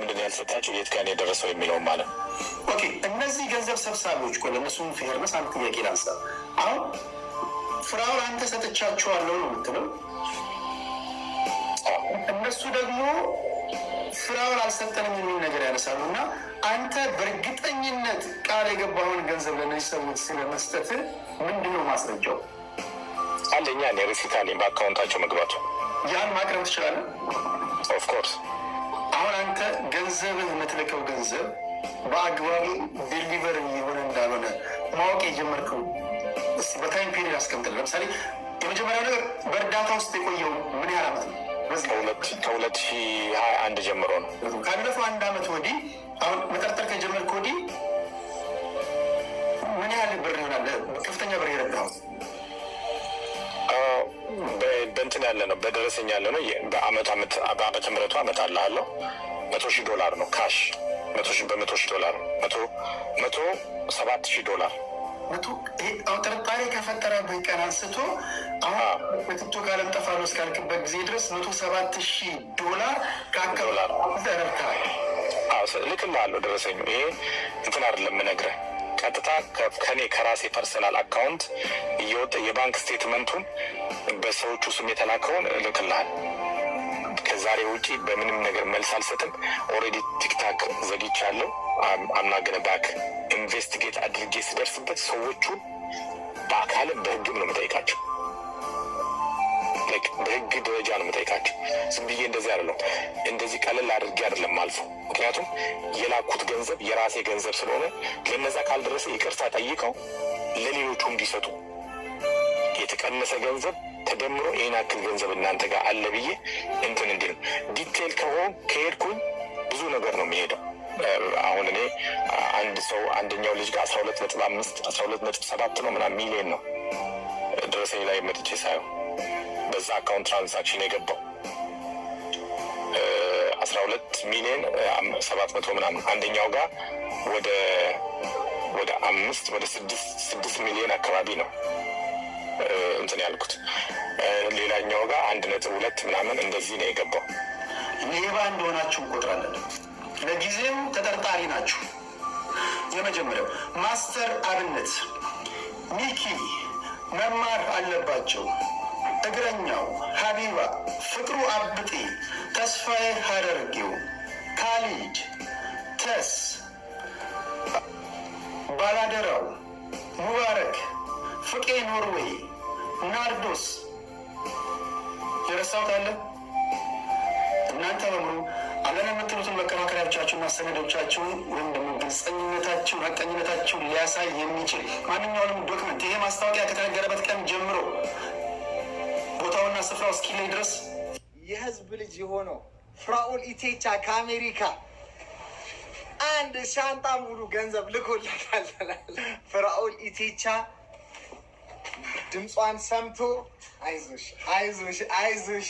ምንድን ያልሰጣቸው የት ቀን የደረሰው የሚለውም ማለት ኦኬ እነዚህ ገንዘብ ሰብሳቢዎች እኮ ለእነሱም ፌርነስ አንድ ጥያቄ ላንሳ። አሁን ፍራውን አንተ ሰጥቻቸዋለሁ ነው የምትለው። እነሱ ደግሞ ፍራውን አልሰጠንም የሚል ነገር ያነሳሉ እና አንተ በእርግጠኝነት ቃል የገባውን ገንዘብ ለነዚህ ሰዎች ስለመስጠት ምንድን ነው ማስረጃው? አንደኛ ሪሲት አለኝ በአካውንታቸው መግባቱ ያን ማቅረብ ትችላለህ ኦፍኮርስ አንተ ገንዘብን የምትልከው ገንዘብ በአግባቡ ዴሊቨር የሆነ እንዳልሆነ ማወቅ የጀመርከው በታይም ፔሪድ አስቀምጥል። ለምሳሌ የመጀመሪያው ነገር በእርዳታ ውስጥ የቆየው ምን ያህል ዓመት ነው? ከሁለት ሺ ሀያ አንድ ጀምሮ ነው። ካለፈው አንድ ዓመት ወዲህ አሁን መጠርጠር ከጀመርክ ወዲህ ምን ያህል ብር ይሆናል? ከፍተኛ ብር የረዳው በእንትን ያለ ነው፣ በደረሰኝ ያለ ነው። በአመት አመት ምረቱ አመት አለሃለሁ መቶ ሺህ ዶላር ነው ካሽ መቶ ሺህ በመቶ ሺህ ዶላር መቶ መቶ ሰባት ሺህ ዶላር ጥርጣሬ ከፈጠረበት ቀን አንስቶ አሁን በቲክቶክ ዓለም ጠፋለሁ እስካልክበት ጊዜ ድረስ መቶ ሰባት ሺህ ዶላር ካከላተረብታል ልክልሃለሁ። ደረሰኝ ይሄ እንትን አይደለም የምነግርህ ቀጥታ ከኔ ከራሴ ፐርሰናል አካውንት እየወጣ የባንክ ስቴትመንቱን በሰዎቹ ስም የተላከውን እልክልሃል። ከዛሬ ውጪ በምንም ነገር መልስ አልሰጥም። ኦልሬዲ ቲክታክ ዘግቻለሁ። አምናገነ ባክ ኢንቨስቲጌት አድርጌ ስደርስበት ሰዎቹን በአካልም በህግም ነው የምጠይቃቸው። በህግ ደረጃ ነው የምጠይቃቸው። ዝም ብዬ እንደዚህ አይደለም፣ እንደዚህ ቀለል አድርጌ አይደለም አልፎ። ምክንያቱም የላኩት ገንዘብ የራሴ ገንዘብ ስለሆነ ለነዛ ካልደረሰ ይቅርታ ጠይቀው ለሌሎቹ እንዲሰጡ የተቀነሰ ገንዘብ ተደምሮ ይህን አክል ገንዘብ እናንተ ጋር አለ ብዬ እንትን እንዲ ዲቴል ከሆን ከሄድኩኝ ብዙ ነገር ነው የሚሄደው። አሁን እኔ አንድ ሰው አንደኛው ልጅ ጋር አስራ ሁለት ነጥብ አምስት አስራ ሁለት ነጥብ ሰባት ነው ምናምን ሚሊየን ነው ድረሰኝ ላይ መጥቼ ሳየው በዛ አካውንት ትራንዛክሽን የገባው አስራ ሁለት ሚሊየን ሰባት መቶ ምናምን አንደኛው ጋር ወደ ወደ አምስት ወደ ስድስት ስድስት ሚሊየን አካባቢ ነው እንትን ያልኩት። ሌላኛው ጋር አንድ ነጥብ ሁለት ምናምን እንደዚህ ነው የገባው። ሌባ እንደሆናችሁ እንቆጥራለን። ለጊዜው ተጠርጣሪ ናችሁ። የመጀመሪያው ማስተር አብነት ሚኪ መማር አለባቸው። እግረኛው ሀቢባ፣ ፍቅሩ አብጤ፣ ተስፋዬ ሀደርጌው፣ ካሊድ ተስ፣ ባላደራው፣ ሙባረክ ፍቄ፣ ኖርዌይ ናርዶስ የረሳሁት አለ? እናንተ በሙሉ አለን የምትሉትን መከራከሪያዎቻችሁና ሰነዶቻችሁን ወይም ደግሞ ግልጸኝነታችሁን ሀቀኝነታችሁን ሊያሳይ የሚችል ማንኛውንም ዶክመንት ይሄ ማስታወቂያ ከተነገረበት ቀን ጀምሮ ቦታውና ስፍራው እስኪለይ ድረስ የህዝብ ልጅ የሆነው ፍራኦል ኢቴቻ ከአሜሪካ አንድ ሻንጣ ሙሉ ገንዘብ ልኮልታል። ፍራኦል ኢቴቻ ድምጿን ሰምቶ አይዞሽ አይዞሽ አይዞሽ።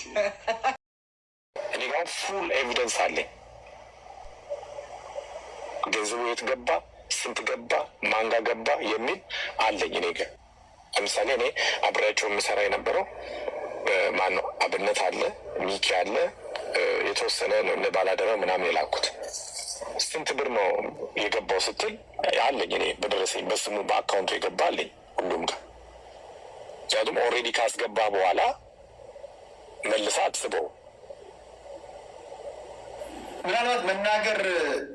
እኔ ጋር ፉል ኤቪደንስ አለኝ። ገንዘቡ የት ገባ፣ ስንት ገባ፣ ማንጋ ገባ የሚል አለኝ እኔ ጋር። ለምሳሌ እኔ አብሬያቸው የምሰራ የነበረው ማነው አብነት አለ፣ ሚኪ አለ፣ የተወሰነ ነው እነ ባላደራ ምናምን የላኩት ስንት ብር ነው የገባው ስትል አለኝ እኔ በደረሰኝ በስሙ በአካውንቱ የገባ አለኝ ሁሉም ጋር ምክንያቱም ኦሬዲ ካስገባ በኋላ መልሳ አትስበው። ምናልባት መናገር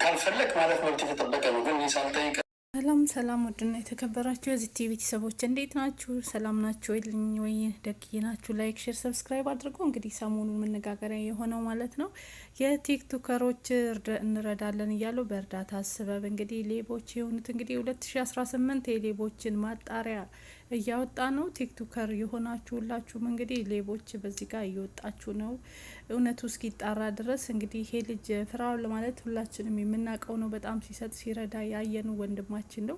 ካልፈለግ ማለት መብት የተጠበቀ ነው፣ ግን ሳልጠይቅ ሰላም ሰላም፣ ውድና የተከበራችሁ የዚህ ቲቪ ቤተሰቦች እንዴት ናችሁ? ሰላም ናችሁ ወይልኝ ወይ ደግዬ ናችሁ? ላይክ፣ ሼር፣ ሰብስክራይብ አድርጎ እንግዲህ ሰሞኑ መነጋገሪያ የሆነው ማለት ነው የቲክቶከሮች እንረዳለን እያሉ በእርዳታ ስበብ እንግዲህ ሌቦች የሆኑት እንግዲህ ሁለት ሺ አስራ ስምንት የሌቦችን ማጣሪያ እያወጣ ነው። ቲክቶከር የሆናችሁ ሁላችሁም እንግዲህ ሌቦች በዚህ ጋር እየወጣችሁ ነው። እውነቱ እስኪጣራ ድረስ እንግዲህ ይሄ ልጅ ፍራው ለማለት ሁላችንም የምናውቀው ነው። በጣም ሲሰጥ ሲረዳ ያየኑ ወንድማችን ነው።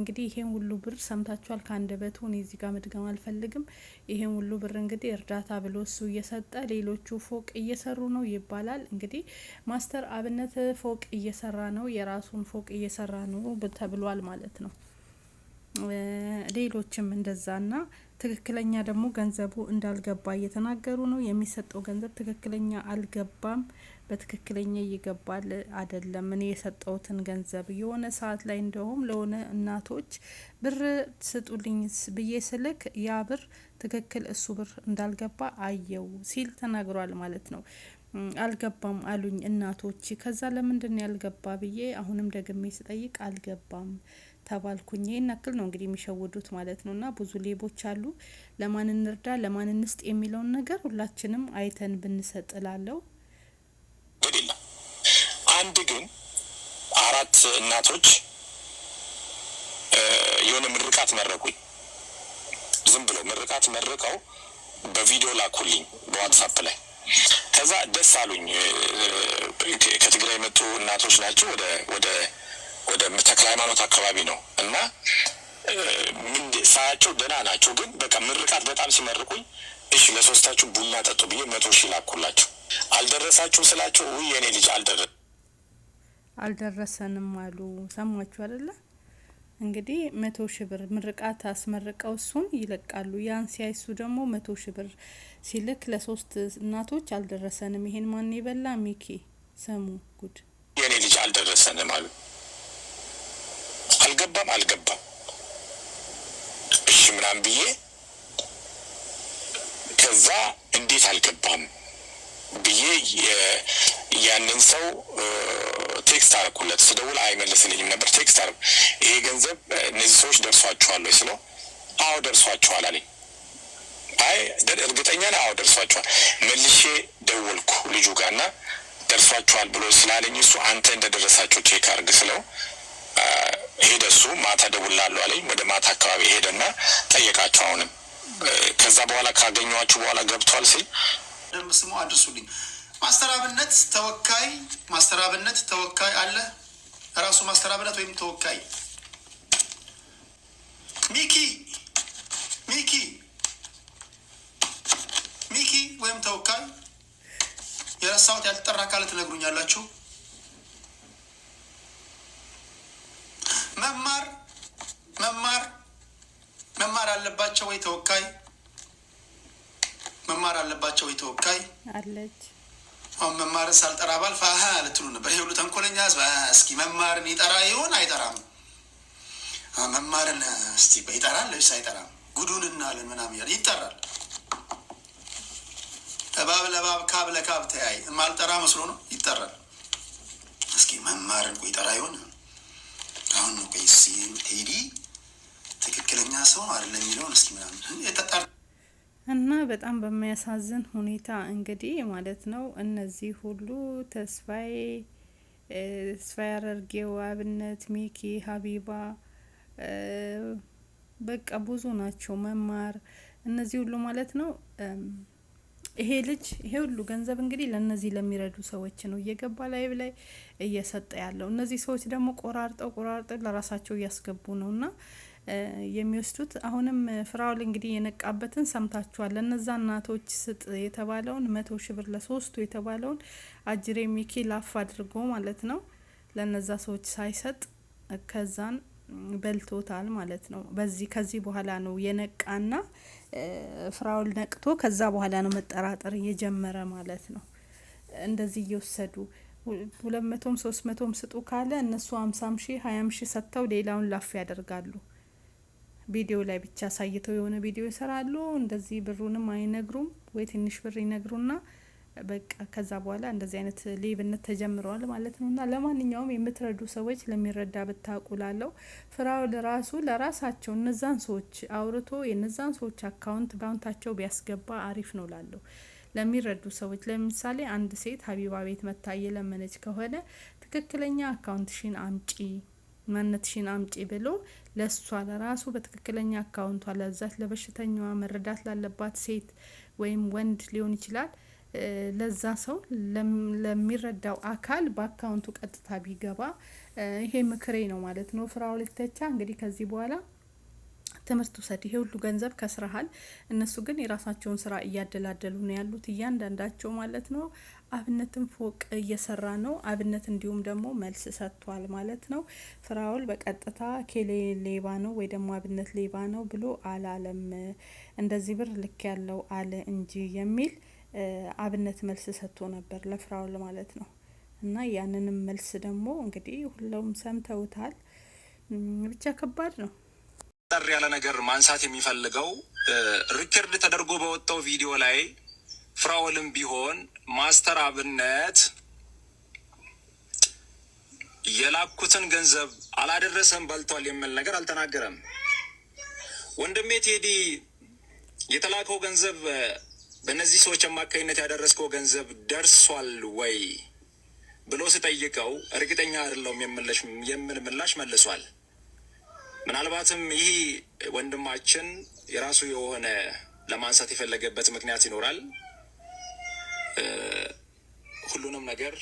እንግዲህ ይሄን ሁሉ ብር ሰምታችኋል ከአንደበቱ። እኔ እዚህ ጋር መድገም አልፈልግም። ይሄን ሁሉ ብር እንግዲህ እርዳታ ብሎ እሱ እየሰጠ ሌሎቹ ፎቅ እየሰሩ ነው ይባላል። እንግዲህ ማስተር አብነት ፎቅ እየሰራ ነው፣ የራሱን ፎቅ እየሰራ ነው ተብሏል ማለት ነው። ሌሎችም እንደዛና ትክክለኛ ደግሞ ገንዘቡ እንዳልገባ እየተናገሩ ነው። የሚሰጠው ገንዘብ ትክክለኛ አልገባም፣ በትክክለኛ እየገባል አይደለም። እኔ የሰጠውትን ገንዘብ የሆነ ሰዓት ላይ እንደውም ለሆነ እናቶች ብር ስጡልኝ ብዬ ስልክ ያ ብር ትክክል እሱ ብር እንዳልገባ አየው ሲል ተናግሯል ማለት ነው። አልገባም አሉኝ እናቶች። ከዛ ለምንድነው ያልገባ ብዬ አሁንም ደግሜ ስጠይቅ አልገባም ተባልኩኝ። ይህን ያክል ነው እንግዲህ የሚሸውዱት ማለት ነው። እና ብዙ ሌቦች አሉ። ለማን እንርዳ ለማን እንስጥ የሚለውን ነገር ሁላችንም አይተን ብንሰጥ ላለው አንድ ግን አራት እናቶች የሆነ ምርቃት መረቁኝ። ዝም ብሎ ምርቃት መርቀው በቪዲዮ ላኩልኝ በዋትሳፕ ላይ። ከዛ ደስ አሉኝ። ከትግራይ የመጡ እናቶች ናቸው ወደ ወደ ተክለ ሃይማኖት አካባቢ ነው እና ሳያቸው ደህና ናቸው፣ ግን በቃ ምርቃት በጣም ሲመርቁኝ እሺ ለሶስታችሁ ቡና ጠጡ ብዬ መቶ ሺ ላኩላቸው። አልደረሳችሁም ስላቸው ውይ የኔ ልጅ አልደረ አልደረሰንም አሉ። ሰማችሁ አደለ? እንግዲህ መቶ ሺ ብር ምርቃት አስመርቀው እሱን ይለቃሉ። ያን ሲያይሱ ደግሞ መቶ ሺ ብር ሲልክ ለሶስት እናቶች አልደረሰንም። ይሄን ማን የበላ ሚኪ? ሰሙ ጉድ የኔ ልጅ አልደረሰንም አሉ። ገባም አልገባም እሺ ምናምን ብዬ ከዛ እንዴት አልገባም ብዬ ያንን ሰው ቴክስት አደረኩለት። ስደውል አይመልስልኝም ነበር። ቴክስት አር ይሄ ገንዘብ እነዚህ ሰዎች ደርሷቸዋል ወይ ስለው፣ አዎ ደርሷቸዋል አለኝ። አይ እርግጠኛ ነህ? አዎ ደርሷቸዋል። መልሼ ደወልኩ ልጁ ጋር እና ደርሷቸዋል ብሎ ስላለኝ እሱ አንተ እንደደረሳቸው ቼክ አርግ ስለው ሄደ። እሱ ማታ እደውልልሃለሁ አለኝ። ወደ ማታ አካባቢ ሄደና ጠየቃቸው። አሁንም ከዛ በኋላ ካገኘኋችሁ በኋላ ገብቷል ሲል ደንብ ስሙ አድርሱልኝ። ማስተር አብነት ተወካይ ማስተር አብነት ተወካይ አለ ራሱ ማስተር አብነት ወይም ተወካይ ሚኪ ሚኪ ሚኪ ወይም ተወካይ የረሳሁት ያልተጠራ ካለ ትነግሩኛላችሁ። መማር መማር መማር አለባቸው ወይ ተወካይ መማር አለባቸው ወይ ተወካይ አለች። አሁን መማርን ሳልጠራ ባልፍ አሀ ልትሉ ነበር። ይሄ ሁሉ ተንኮለኛ ህዝብ እስኪ መማርን ይጠራ ይሆን አይጠራም? መማርን እስቲ ይጠራል ልብስ አይጠራም? ጉዱን እናለን ምናምን ያል ይጠራል። እባብ ለባብ ካብ ለካብ ተያይ ማልጠራ መስሎ ነው ይጠራል። እስኪ መማርን ይጠራ ይሆን? አሁን ነው ቆይ ቴዲ ትክክለኛ ሰው አይደለም የሚለውን እስኪ ምናምን የጠጣር እና በጣም በሚያሳዝን ሁኔታ እንግዲህ ማለት ነው እነዚህ ሁሉ ተስፋዬ ተስፋዬ አረርጌው፣ አብነት፣ ሚኪ፣ ሀቢባ በቃ ብዙ ናቸው። መማር እነዚህ ሁሉ ማለት ነው ይሄ ልጅ ይሄ ሁሉ ገንዘብ እንግዲህ ለእነዚህ ለሚረዱ ሰዎች ነው እየገባ ላይብ ላይ እየሰጠ ያለው። እነዚህ ሰዎች ደግሞ ቆራርጠው ቆራርጠው ለራሳቸው እያስገቡ ነው እና የሚወስዱት አሁንም ፍራውል እንግዲህ የነቃበትን ሰምታችኋል። ለነዛ እናቶች ስጥ የተባለውን መቶ ሺ ብር ለሶስቱ የተባለውን አጅሬ ሚኪ ላፍ አድርጎ ማለት ነው ለነዛ ሰዎች ሳይሰጥ ከዛን በልቶታል ማለት ነው። በዚህ ከዚህ በኋላ ነው የነቃና ፍራውል ነቅቶ ከዛ በኋላ ነው መጠራጠር እየጀመረ ማለት ነው። እንደዚህ እየወሰዱ ሁለት መቶም ሶስት መቶም ስጡ ካለ እነሱ ሀምሳም ሺህ ሀያም ሺህ ሰጥተው ሌላውን ላፍ ያደርጋሉ። ቪዲዮ ላይ ብቻ አሳይተው የሆነ ቪዲዮ ይሰራሉ። እንደዚህ ብሩንም አይነግሩም ወይ ትንሽ ብር ይነግሩና በቃ ከዛ በኋላ እንደዚህ አይነት ሌብነት ተጀምረዋል ማለት ነው። እና ለማንኛውም የምትረዱ ሰዎች ለሚረዳ ብታቁላለው ፍራውድ ራሱ ለራሳቸው እነዛን ሰዎች አውርቶ የነዛን ሰዎች አካውንት ባውንታቸው ቢያስገባ አሪፍ ነው ላለው ለሚረዱ ሰዎች ለምሳሌ አንድ ሴት ሀቢባ ቤት መታ እየለመነች ከሆነ ትክክለኛ አካውንትሽን አምጪ ማንነትሽን አምጪ ብሎ ለሷ ለራሱ በትክክለኛ አካውንቷ ለዛት ለበሽተኛዋ መረዳት ላለባት ሴት ወይም ወንድ ሊሆን ይችላል ለዛ ሰው ለሚረዳው አካል በአካውንቱ ቀጥታ ቢገባ ይሄ ምክሬ ነው ማለት ነው። ፍራው ልተቻ እንግዲህ ከዚህ በኋላ ትምህርት ውሰድ። ይሄ ሁሉ ገንዘብ ከስራሃል። እነሱ ግን የራሳቸውን ስራ እያደላደሉ ነው ያሉት እያንዳንዳቸው ማለት ነው። አብነትን ፎቅ እየሰራ ነው። አብነት እንዲሁም ደግሞ መልስ ሰጥቷል ማለት ነው። ፍራውል በቀጥታ ኬሌ ሌባ ነው ወይ ደግሞ አብነት ሌባ ነው ብሎ አላለም። እንደዚህ ብር ልክ ያለው አለ እንጂ የሚል አብነት መልስ ሰጥቶ ነበር ለፍራውል ማለት ነው። እና ያንንም መልስ ደግሞ እንግዲህ ሁሉም ሰምተውታል። ብቻ ከባድ ነው። ጠር ያለ ነገር ማንሳት የሚፈልገው ሪከርድ ተደርጎ በወጣው ቪዲዮ ላይ ፍራውልም ቢሆን ማስተር አብነት የላኩትን ገንዘብ አላደረሰም በልቷል የሚል ነገር አልተናገረም። ወንድሜ ቴዲ የተላከው ገንዘብ በእነዚህ ሰዎች አማካኝነት ያደረስከው ገንዘብ ደርሷል ወይ ብሎ ስጠይቀው እርግጠኛ አይደለሁም የምን ምላሽ መልሷል። ምናልባትም ይህ ወንድማችን የራሱ የሆነ ለማንሳት የፈለገበት ምክንያት ይኖራል። ሁሉንም ነገር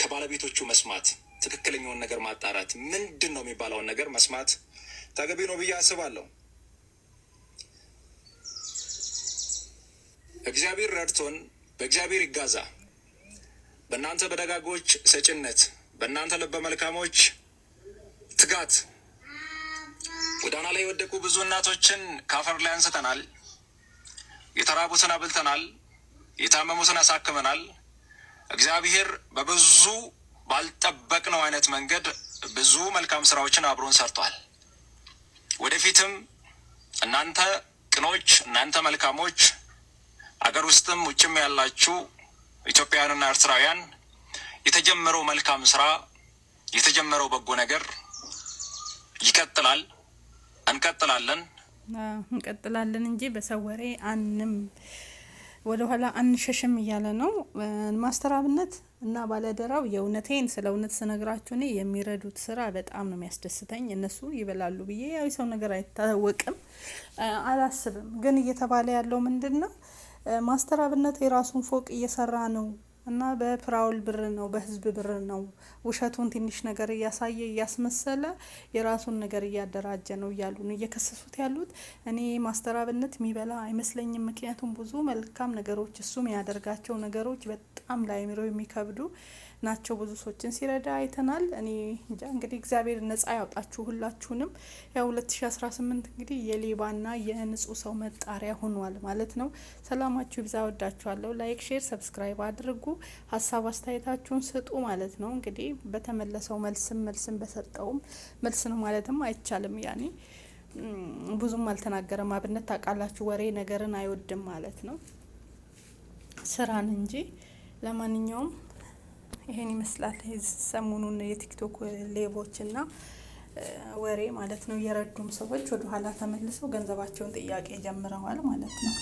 ከባለቤቶቹ መስማት፣ ትክክለኛውን ነገር ማጣራት፣ ምንድን ነው የሚባለውን ነገር መስማት ተገቢ ነው ብዬ አስባለሁ። እግዚአብሔር ረድቶን በእግዚአብሔር ይጋዛ። በእናንተ በደጋጎች ሰጭነት፣ በእናንተ ልበ መልካሞች ትጋት ጎዳና ላይ የወደቁ ብዙ እናቶችን ከአፈር ላይ አንስተናል። የተራቡትን አብልተናል። የታመሙትን አሳክመናል። እግዚአብሔር በብዙ ባልጠበቅነው አይነት መንገድ ብዙ መልካም ስራዎችን አብሮን ሰርቷል። ወደፊትም እናንተ ቅኖች፣ እናንተ መልካሞች አገር ውስጥም ውጭም ያላችሁ ኢትዮጵያውያንና ኤርትራውያን የተጀመረው መልካም ስራ የተጀመረው በጎ ነገር ይቀጥላል። እንቀጥላለን እንቀጥላለን እንጂ በሰው ወሬ አንም ወደኋላ አንሸሽም እያለ ነው ማስተር አብነት እና ባለደራው። የእውነቴን ስለ እውነት ስነግራችሁ እኔ የሚረዱት ስራ በጣም ነው የሚያስደስተኝ። እነሱ ይበላሉ ብዬ ያው የሰው ነገር አይታወቅም አላስብም። ግን እየተባለ ያለው ምንድን ነው ማስተር አብነት የራሱን ፎቅ እየሰራ ነው እና በፕራውል ብር ነው በህዝብ ብር ነው ውሸቱን ትንሽ ነገር እያሳየ እያስመሰለ የራሱን ነገር እያደራጀ ነው እያሉ ነው እየከሰሱት ያሉት። እኔ ማስተራብነት የሚበላ አይመስለኝም። ምክንያቱም ብዙ መልካም ነገሮች እሱም ያደርጋቸው ነገሮች በጣም ለአእምሮ የሚከብዱ ናቸው። ብዙ ሰዎችን ሲረዳ አይተናል። እኔ እንጃ እንግዲህ እግዚአብሔር ነጻ ያውጣችሁ ሁላችሁንም። ያው 2018 እንግዲህ የሌባና የንጹህ ሰው መጣሪያ ሆኗል ማለት ነው። ሰላማችሁ ይብዛ። ወዳችኋለሁ። ላይክ፣ ሼር፣ ሰብስክራይብ አድርጉ። ሀሳብ አስተያየታችሁን ስጡ ማለት ነው። እንግዲህ በተመለሰው መልስም መልስም በሰጠውም መልስ ነው ማለትም አይቻልም። ያኔ ብዙም አልተናገረም። አብነት ታውቃላችሁ፣ ወሬ ነገርን አይወድም ማለት ነው፣ ስራን እንጂ። ለማንኛውም ይሄን ይመስላል ሰሞኑን የቲክቶክ ሌቦች ወሬ ማለት ነው። የረዱም ሰዎች ወደ ኋላ ተመልሰው ገንዘባቸውን ጥያቄ ጀምረዋል ማለት ነው።